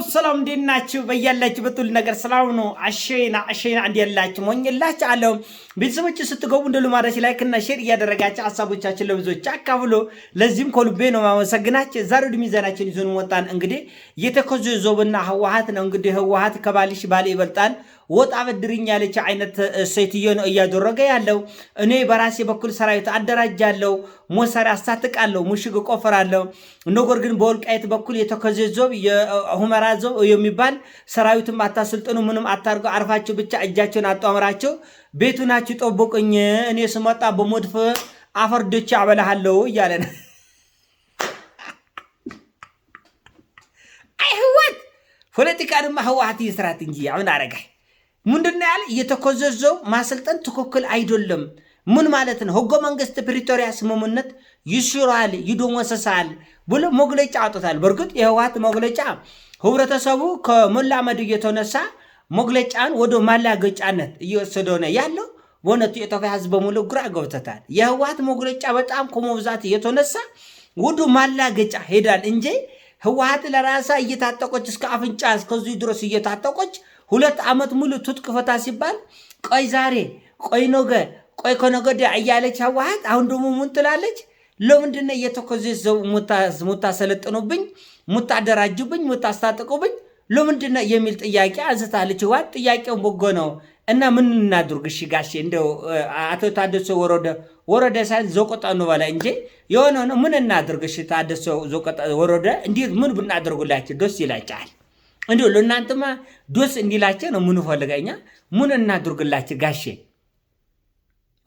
ሰላም ሰላም፣ እንዴት ናችሁ? በያላችሁ በጥል ነገር ሰላም ነው። አሸና አሸና እንዲያላችሁ ሞኝላችሁ አለው። ቤተሰቦች ስትገቡ እንደ ልማዳችሁ ላይክ እና ሼር እያደረጋችሁ ሀሳቦቻችን ለብዙዎች አካፍሎ ለዚህም ከልቤ ነው ማመሰግናችሁ። ዛሬ ወደ ሚዛናችን ይዞን ወጣን። እንግዲህ የተከዜ ዞብና ህወሓት ነው። እንግዲህ ህወሓት ከባልሽ ባል ይበልጣል ወጣ በድርኝ ያለች አይነት ሴትዮ ነው እያደረገ ያለው። እኔ በራሴ በኩል ሰራዊት አደራጃለሁ፣ ሞሰሪ አስታጥቃለሁ፣ ሙሽግ ቆፈራለሁ። ነገር ግን በወልቃይት በኩል የተከዜ ዞብ የሁመራ ዞብ የሚባል ሰራዊትም አታስልጥኑ፣ ምንም አታርገው፣ አርፋቸው ብቻ እጃቸውን አጧምራቸው፣ ቤቱ ናቸው ጠብቁኝ፣ እኔ ስመጣ በሞድፍ አፈርዶች አበላሃለሁ እያለ ነው። ፖለቲካ ድማ ህወሓት እዩ ስራት እንጂ አብን አረጋይ ምንድን ያለ እየተኮዘዘው ማሰልጠን ትክክል አይደለም። ምን ማለት ነው? ህገ መንግስት ፕሪቶሪያ ስምምነት ይሽራል፣ ይደመሰሳል ብሎ መግለጫ አውጥታል። በእርግጥ የህወሓት መግለጫ ህብረተሰቡ ከመላመዱ እየተነሳ መግለጫን ወደ ማላገጫነት እየወሰደ ነው ያለው። በእውነቱ የኢትዮጵያ ህዝብ በሙሉ ግራ ገብተታል። የህወሓት መግለጫ በጣም ከመብዛት እየተነሳ ወደ ማላገጫ ሄዳል እንጂ ህወሀት ለራሳ እየታጠቆች እስከ አፍንጫ እስከዚህ ድረስ እየታጠቆች ሁለት ዓመት ሙሉ ትጥቅ ፈታ ሲባል ቆይ ዛሬ ቆይ ነገ ቆይ ከነገደ እያለች ህወሀት አሁን ደግሞ ምን ትላለች? ለምንድነ እየተኮዜ ሙታሰለጥኑብኝ፣ ሙታደራጁብኝ፣ ሙታስታጥቁብኝ ለምንድነ የሚል ጥያቄ አንስታለች። ህወሀት ጥያቄው በጎ ነው። እና ምን እናድርግ? እሺ ጋሼ እንደው አቶ ታደሰ ወረደ ወረደ ሳይሆን ዘቆጣ እንበላ እንጂ የሆነ ነው። ምን እናድርግ? እሺ ታደሰ ዘቆጣ ወረደ እንዴት ምን ብናደርጉላቸው ደስ ይላችኋል? እንዲሁ ለእናንተማ ደስ እንዲላቸው ነው። ምን ፈልገኛ ምን እናድርግላቸው ጋሼ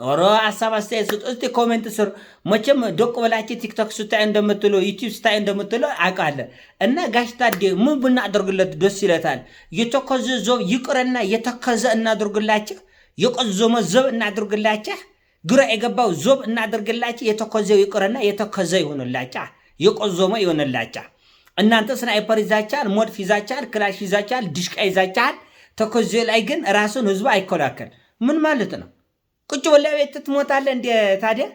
ኦሮ ሀሳብ አስተያየት ስጡ እስቲ ኮሜንት ስር። መቼም ዶቅ በላቸው ቲክቶክ ስታይ እንደምትሎ ዩቲብ ስታይ እንደምትሉ አውቃለሁ። እና ጋሽ ታዴ ምን ብናደርግለት ደስ ይለታል? የተከዘ ዞብ ይቅረና የተከዘ እናድርግላችሁ፣ የቆዘመ ዞብ እናድርግላችሁ፣ ግራ የገባው ዞብ እናድርግላችሁ። የተኮዘው ይቅረና የተከዘ ይሆንላችሁ፣ የቆዘመ ይሆንላችሁ። እናንተ ስናይፐር ይዛችኋል፣ ሞድፍ ይዛችኋል፣ ክላሽ ይዛችኋል፣ ድሽቃ ይዛችኋል። ተኮዘ ላይ ግን ራሱን ህዝቡ አይከላከል ምን ማለት ነው? ቁጭ ብላ ቤት ትሞታለህ እንዴ ታዲያ?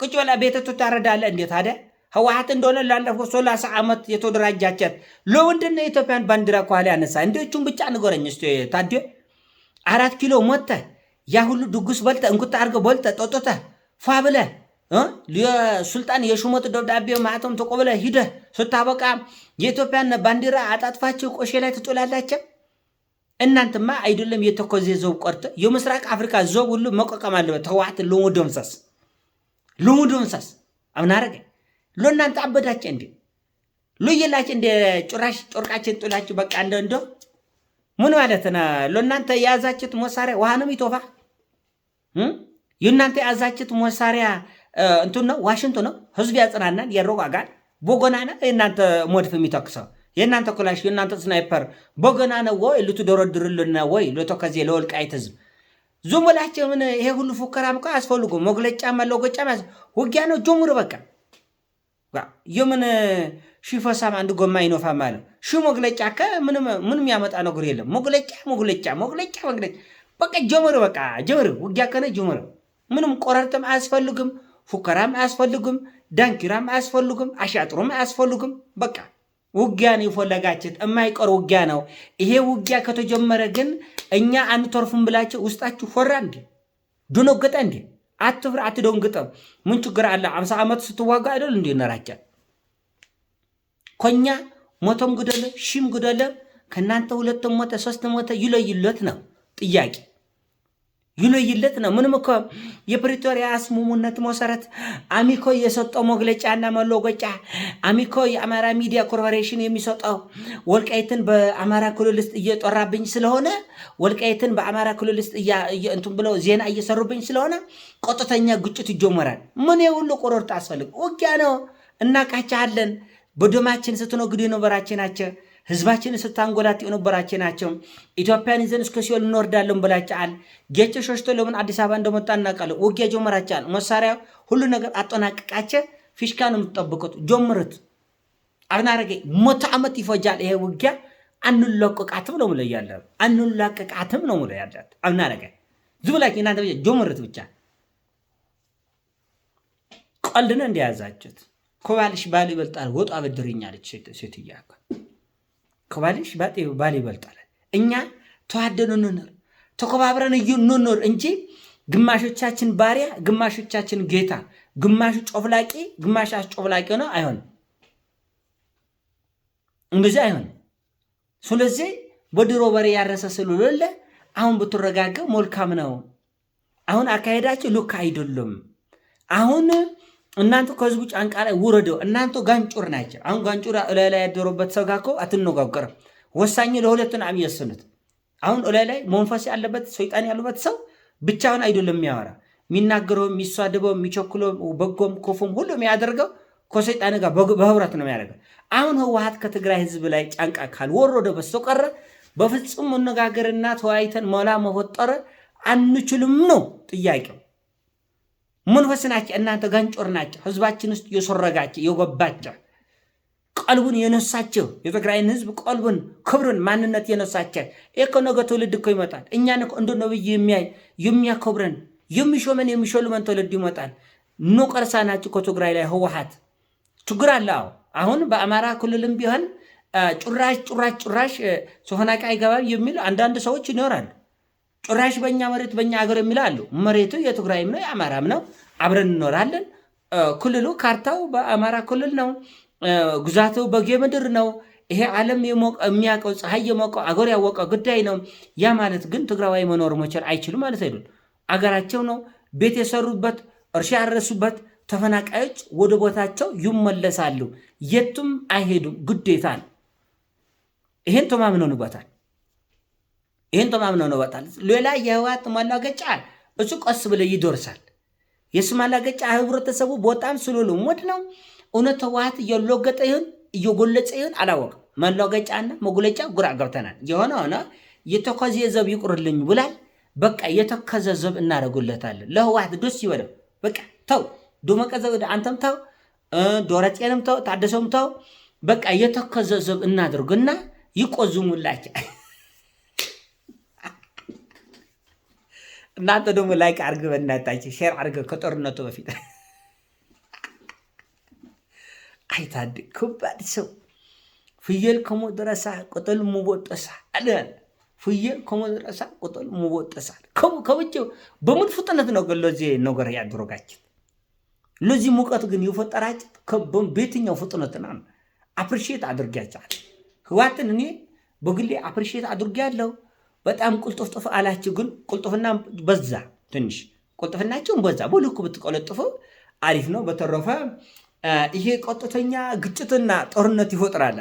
ቁጭ በላ ቤት ትታረዳለህ እንዴ ታዲያ? ህወሓት እንደሆነ ላለፈው ሰላሳ ዓመት የተደራጃቸት ለወንድነ የኢትዮጵያን ባንዲራ ከኋላ ያነሳ? እንዲቹም ብቻ ንገረኝ እስቲ ታዲያ። አራት ኪሎ ሞተ ያ ሁሉ ድጉስ በልተ እንኩታ አርገ በልተ ጠጦተ ፏ ብለ የሱልጣን የሹመት ደብዳቤ ማህተም ተቆብለ ሂደ ስታበቃ የኢትዮጵያን ባንዲራ አጣጥፋችሁ ቆሼ ላይ ትጥላላችሁ። እናንተማ አይደለም የተኮዜ ዞብ ቆርተ የምስራቅ አፍሪካ ዞብ ሁሉ መቋቋም አለበት። ህወሓት ሎሙ ደምሰስ ሎሙ ደምሰስ አብናረገ ሎ እናንተ አበዳቸ እንዲ ሎ የላቸ እንደ ጭራሽ ጦርቃችን ጥላችሁ በቃ እንደ እንዶ ምን ማለት ነው? ሎ እናንተ የያዛችሁት መሳሪያ ዋሃንም ይቶፋ የእናንተ የያዛችሁት መሳሪያ እንትን ነው ዋሽንቱ ነው። ህዝብ ያጽናናል ያረጋጋል። ቦጎናና እናንተ ሞድፍ የሚተክሰው የእናንተ ኮላሽ የእናንተ ስናይፐር በገና ነዎ ወይ ልትደረድርልን ነው ወይ ለተከዜ ለወልቃይት ህዝብ ዞም በላቸው። ምን ይሄ ሁሉ ፉከራም እኮ አያስፈልጉም። መግለጫም ለጎጫም ውጊያ ነው ጀምሩ። በቃ የምን ሽፈሳም ፈሳም አንድ ጎማ ይኖፋ ማለ ሺህ መግለጫ ከ ከምንም ያመጣ ነገር የለም። መግለጫ መግለጫ መግለጫ መግለጫ በቃ ጀምሩ። በቃ ጀምሩ። ውጊያ ከነ ጀምሩ። ምንም ቆረርጥም አያስፈልግም። ፉከራም አያስፈልግም። ዳንኪራም አያስፈልግም። አሻጥሩም አያስፈልግም። በቃ ውጊያ ነው የፈለጋችን የማይቀር ውጊያ ነው። ይሄ ውጊያ ከተጀመረ ግን እኛ አንተርፉም ብላችሁ ውስጣችሁ ሆራ እንዴ? ደነገጠ እንዴ? አትፍራ፣ አትደንግጠም። ምን ችግር አለ? አምሳ ዓመት ስትዋጋ አይደል እንዴ ነራቻ ኮኛ ሞተም ግደለ ሺም ግደለ ከእናንተ ሁለት ሞተ ሶስት ሞተ ይለይለት ነው ጥያቄ ይለይለት ነው። ምንም እኮ የፕሪቶሪያ ስምምነት መሰረት አሚኮ የሰጠው መግለጫና መለወጫ አሚኮ የአማራ ሚዲያ ኮርፖሬሽን የሚሰጠው ወልቃይትን በአማራ ክልል ውስጥ እየጦራብኝ ስለሆነ ወልቃይትን በአማራ ክልል ውስጥ እንትን ብለው ዜና እየሰሩብኝ ስለሆነ ቀጥተኛ ግጭት ይጀመራል። ምን የሁሉ ቆሮርጥ አስፈልግ ውጊያ ነው። እናቃቻለን በደማችን ስትነግዱ የነበራችሁ ህዝባችን ስታንጎላት የነበራቸው ናቸው። ኢትዮጵያን ይዘን እስከ ሲኦል እንወርዳለን ብላችኋል። ጌቸ ሾሽቶ ለምን አዲስ አበባ እንደመጣ እናውቃለን። ውጊያ ጀመራችኋል። መሳሪያ ሁሉ ነገር አጠናቅቃቸ ፊሽካ ነው የምትጠብቁት። ጀምሩት። አናረገ መቶ ዓመት ይፈጃል ይሄ ውጊያ። አንላቀቃትም ነው ምለ ምለያለን። አንላቀቃትም ነው ምለ ምለያለን። አናረገ ዝብላኪ እናንተ ብቻ ጀምሩት ብቻ ቀልድ ነው እንደያዛችሁት። ኮባልሽ ባሉ ይበልጣል ወጡ አበድርኛለች ሴትያ ከባልሽ ባል ይበልጣል። እኛ ተዋደን እንኖር ተከባብረን እንኖር እንጂ ግማሾቻችን ባሪያ፣ ግማሾቻችን ጌታ፣ ግማሹ ጮፍላቂ፣ ግማሽ አስጮፍላቂ ሆነ አይሆንም። እንደዚህ አይሆንም። ስለዚህ በድሮ በሬ ያረሰ ስለሌለ አሁን ብትረጋገ መልካም ነው። አሁን አካሄዳቸው ልክ አይደለም። አሁን እናንተ ከህዝቡ ጫንቃ ላይ ውረደው። እናንተ ጋንጩር ናቸው። አሁን ጋንጩር እላይ ላይ ያደሩበት ሰው ጋር እኮ አትነጋገርም። ወሳኝ ለሁለቱ ናም እየወሰኑት አሁን እላይ ላይ መንፈስ ያለበት ሰይጣን ያለበት ሰው ብቻውን አይደለም የሚያወራ የሚናገረው፣ የሚሳደበው፣ የሚቸኩለው በጎም ክፉም ሁሉ የሚያደርገው ከሰይጣን ጋር በህብረት ነው የሚያደርገው። አሁን ህወሓት ከትግራይ ህዝብ ላይ ጫንቃ ካልወረደ በስተቀር በፍጹም መነጋገርና ተወያይተን መላ መፈጠር አንችልም ነው ጥያቄው። መንፈስ ናቸው። እናንተ ጋንጮር ናቸው። ህዝባችን ውስጥ የሰረጋቸው የጎባቸው ቀልቡን የነሳቸው የትግራይን ህዝብ ቀልቡን፣ ክብሩን፣ ማንነት የነሳቸው እኮ ነገ ትውልድ እኮ ይመጣል። እኛን እንደ ነብይ የሚያከብረን የሚሾመን የሚሾልመን ትውልድ ይመጣል። ኖቀርሳ ናቸው እኮ ትግራይ ላይ ህወሓት ችግር አለ። አሁን በአማራ ክልልም ቢሆን ጭራሽ ጭራሽ ጭራሽ ሶሆናቂ አይገባም የሚሉ አንዳንድ ሰዎች ይኖራሉ። ጭራሽ በእኛ መሬት በእኛ ሀገር የሚላሉ መሬቱ የትግራይም ነው የአማራም ነው፣ አብረን እንኖራለን። ክልሉ ካርታው በአማራ ክልል ነው፣ ግዛቱ በጌ ምድር ነው። ይሄ ዓለም የሚያውቀው ፀሐይ የሞቀው አገር ያወቀው ጉዳይ ነው። ያ ማለት ግን ትግራዋይ መኖር መቻል አይችልም ማለት አይደል። አገራቸው ነው ቤት የሰሩበት እርሻ ያረሱበት ተፈናቃዮች ወደ ቦታቸው ይመለሳሉ። የቱም አይሄዱም፣ ግዴታ ነው። ይሄን ተማምነንበታል። ይህን ተማምነው ነው ይወጣል። ሌላ የህወሓት ማላገጫ እሱ ቀስ ብሎ ይደርሳል። የእሱ ማላገጫ ህብረተሰቡ በጣም ስሉልሙድ ነው። እውነት ህወሓት እየሎገጠ ይሁን እየጎለጸ ይሁን አላወቅም። ማላገጫና መጉለጫ ጉራ ገብተናል። የሆነ ሆነ የተከዜ ዘብ ይቁርልኝ ብላል። በቃ የተከዘ ዘብ እናደርጉለታለን። ለህወሓት ደስ ይበለው። በቃ ተው ዶመቀዘ አንተም ተው ዶረጤንም ተው ታደሰውም ተው በቃ የተከዘ ዘብ እናድርግና ይቆዝሙላቸው። እናንተ ደግሞ ላይክ አርግ በእናታችሁ ሼር አርገ ከጦርነቱ በፊት አይታድ ከባድ ሰው ፍየል ከሞ ከመድረሳ ቅጠል ሙቦጠሳ አለ። ፍየል ከሞ ከመድረሳ ቅጠል ሙቦጠሳ ከውጭ በምን ፍጥነት ነው ለዚህ ነገር ያድሮጋችን ለዚህ ሙቀት ግን የፈጠራችን በየትኛው ፍጥነት ና አፕሪሺየት አድርጊያቸዋል። ህዋትን እኔ በግሌ አፕሪሺየት አድርጊያለሁ። በጣም ቁልጥፍጥፍ አላችሁ፣ ግን ቁልጥፍና በዛ ትንሽ ቁልጥፍናቸውን በዛ በልኩ ብትቆለጥፉ አሪፍ ነው። በተረፈ ይሄ ቀጥተኛ ግጭትና ጦርነት ይፈጥራል።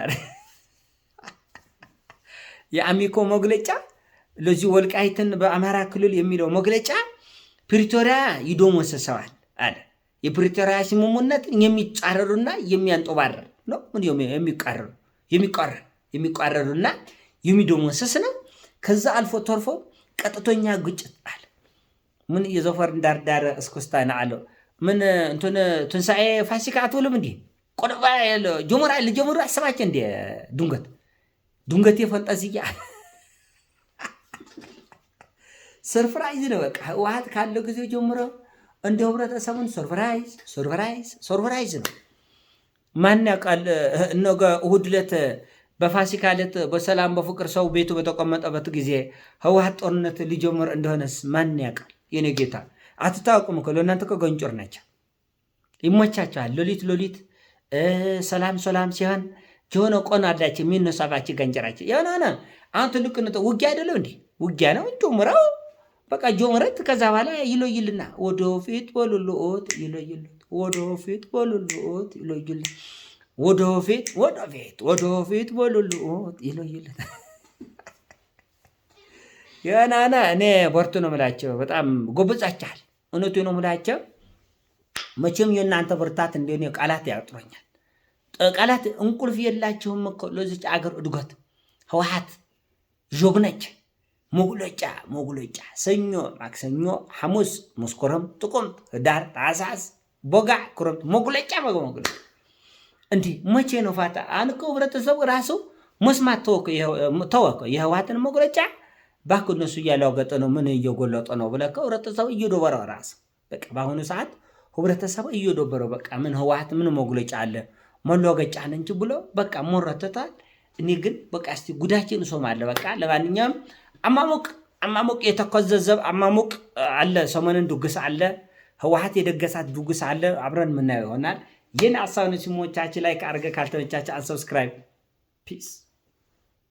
የአሚኮ መግለጫ ለዚህ ወልቃይትን በአማራ ክልል የሚለው መግለጫ ፕሪቶሪያ ይደመሰሰዋል አለ። የፕሪቶሪያ ስምምነትን የሚጻረሩና የሚያንጠባረር ነው የሚቃረሩ የሚቃረሩና የሚደመሰስ ነው። ከዛ አልፎ ተርፎ ቀጥቶኛ ግጭት አለ ምን የዘፈር ዳርዳር እስኩስታ ንዓሎ ምን እንትን ትንሳኤ ፋሲካ አትብልም እንዲህ ቆደባ ጀሙራ ልጀምሩ አሰባቸ እንዲ ድንገት ድንገት የፈንጠዝያ ሰርፍራይዝ ነው በቃ ህወሓት ካለው ጊዜ ጀምሮ እንደ ህብረተሰቡን ሰርፍራይዝ ሰርፍራይዝ ሰርፍራይዝ ነው። ማን ያውቃል እነ እሑድ ዕለት በፋሲካ ዕለት በሰላም በፍቅር ሰው ቤቱ በተቀመጠበት ጊዜ ህወሓት ጦርነት ሊጀምር እንደሆነስ ማን ያውቃል? የኔ ጌታ አትታወቁም እኮ ለእናንተ እኮ ገንጮር ናቸው። ይሞቻቸዋል። ሎሊት ሎሊት ሰላም ሰላም ሲሆን የሆነ ቆን አላቸው የሚነሳባቸው ገንጀራቸው የሆነ አሁን ትልቅነት ውጊያ አይደለም እንዲህ ውጊያ ነው። ጆምረው በቃ ጆምረት ከዛ በኋላ ይሎይልና ወደፊት በሉልት ይሎይልት ወደፊት በሉልት ይሎይልት ወደፊት ወደፊት ወደፊት በሉሉ ይለይለታል። የናና እኔ ቦርቱ ነው ምላቸው። በጣም ጎበዛችኋል። እውነቱ ነው ምላቸው። መቼም የእናንተ ብርታት እንደኔ ቃላት ያጥሮኛል። ቃላት እንቁልፍ የላቸውም እኮ ለዚች አገር እድገት። ህወሓት ጆግነች መጉለጫ መጉለጫ። ሰኞ፣ ማክሰኞ፣ ሐሙስ፣ መስከረም፣ ጥቁምት፣ ህዳር፣ ታህሳስ፣ በጋ፣ ክረምት መጉለጫ መጉለጫ እንዲህ መቼ ነው ፋታ አልከው። ህብረተሰቡ ራሱ መስማት ተወከ። የህወሓትን መቁረጫ ባክ እነሱ እያለዋገጠ ነው ምን እየጎለጠ ነው ብለከው ህብረተሰቡ እየዶበረ ራሱ በቃ በአሁኑ ሰዓት ህብረተሰቡ እየዶበረው በቃ ምን ህወሓት ምን መጉለጫ አለ መለወገጫ አለ እንጂ ብሎ በቃ ሞረተታል። እኔ ግን በቃ እስቲ ጉዳችን እሶማለ በቃ ለማንኛውም አማሙቅ አማሙቅ የተኮዘዘብ አማሙቅ አለ ሰሞኑን ድግስ አለ ህወሓት የደገሳት ድግስ አለ አብረን የምናየው ይሆናል። ይህን አሳውነችሞቻችን ላይ ከአርገ ካልተመቻቸ አንሰብስክራይብ ፒስ